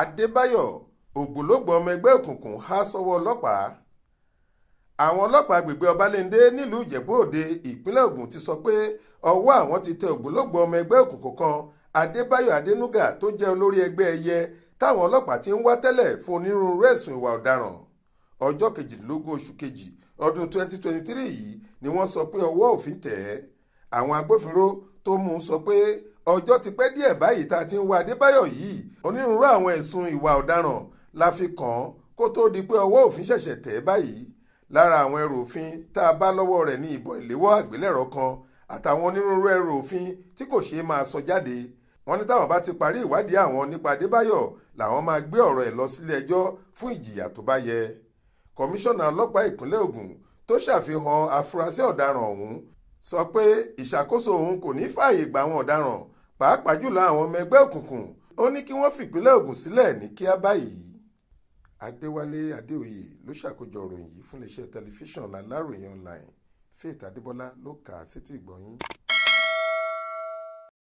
adébáyọ̀ ògbólógbòó ọmọ ẹgbẹ́ òkùnkùn há sọ́wọ́ ọlọ́pàá àwọn ọlọ́pàá agbègbè ọbalẹ́ndé nílùú ìjẹ̀bú-òde ìpínlẹ̀ ògùn ti sọ pé ọwọ́ àwọn ti tẹ ògbólógbòó ọmọ ẹgbẹ́ òkùnkùn kan adébáyọ̀ adénúgà tó jẹ́ olórí ẹgbẹ́ ẹyẹ táwọn ọlọ́pàá ti ń wá tẹ́lẹ̀ fún onírúurú ẹ̀sùn ìwà ọ̀daràn ọjọ́ kejìdínlógún oṣù kejì ọdún 2023 yìí ni wọ́n sọ pé ọwọ́ òfin tẹ̀ àwọn agbófinró tó mú un sọ pé ọjọ́ ti pẹ́ díẹ̀ báyìí tá a ti ń wá adébáyọ̀ yìí onírúurú àwọn ẹ̀sùn ìwà ọ̀daràn la fi kàn án kó tóó di pé ọwọ́ òfin ṣẹ̀ṣẹ̀ tẹ̀ báyìí lára àwọn ẹrù òfin tá a bá lọ́wọ́ rẹ̀ ní ìbọn ìléwọ́ àgbélẹ̀rọ kan àtàwọn onírúurú ẹrù òfin tí kò ṣeé máa sọ jáde wọ́n ní táwọn bá ti parí ìwádìí àwọn nípa adébáyọ̀ làwọn máa gbé ọ̀rọ̀ ẹ̀ lọ sílé ẹjọ́ fún ìjìyà tó bá yẹ kọmíṣánná ọlọ́pàá ìpínlẹ̀ Ògùn tó ṣàfihàn afurasí ọ̀daràn ọ̀hún sọ pé ìṣàkóso òun kò ní fààyè gba àwọn ọ̀daràn pàápàá jùlọ àwọn ọmọ ẹgbẹ́ òkùnkùn ó ní kí wọ́n fìpínlẹ̀ Ògùn sílẹ̀ ní kíá báyìí Adéwálé Adéoyè ló ṣàkójọ ìròyìn yìí fún iléeṣẹ́ tẹlifíṣàn Aláròye online Faith Adébọlá ló kà á sétí ìgbọ̀nyín.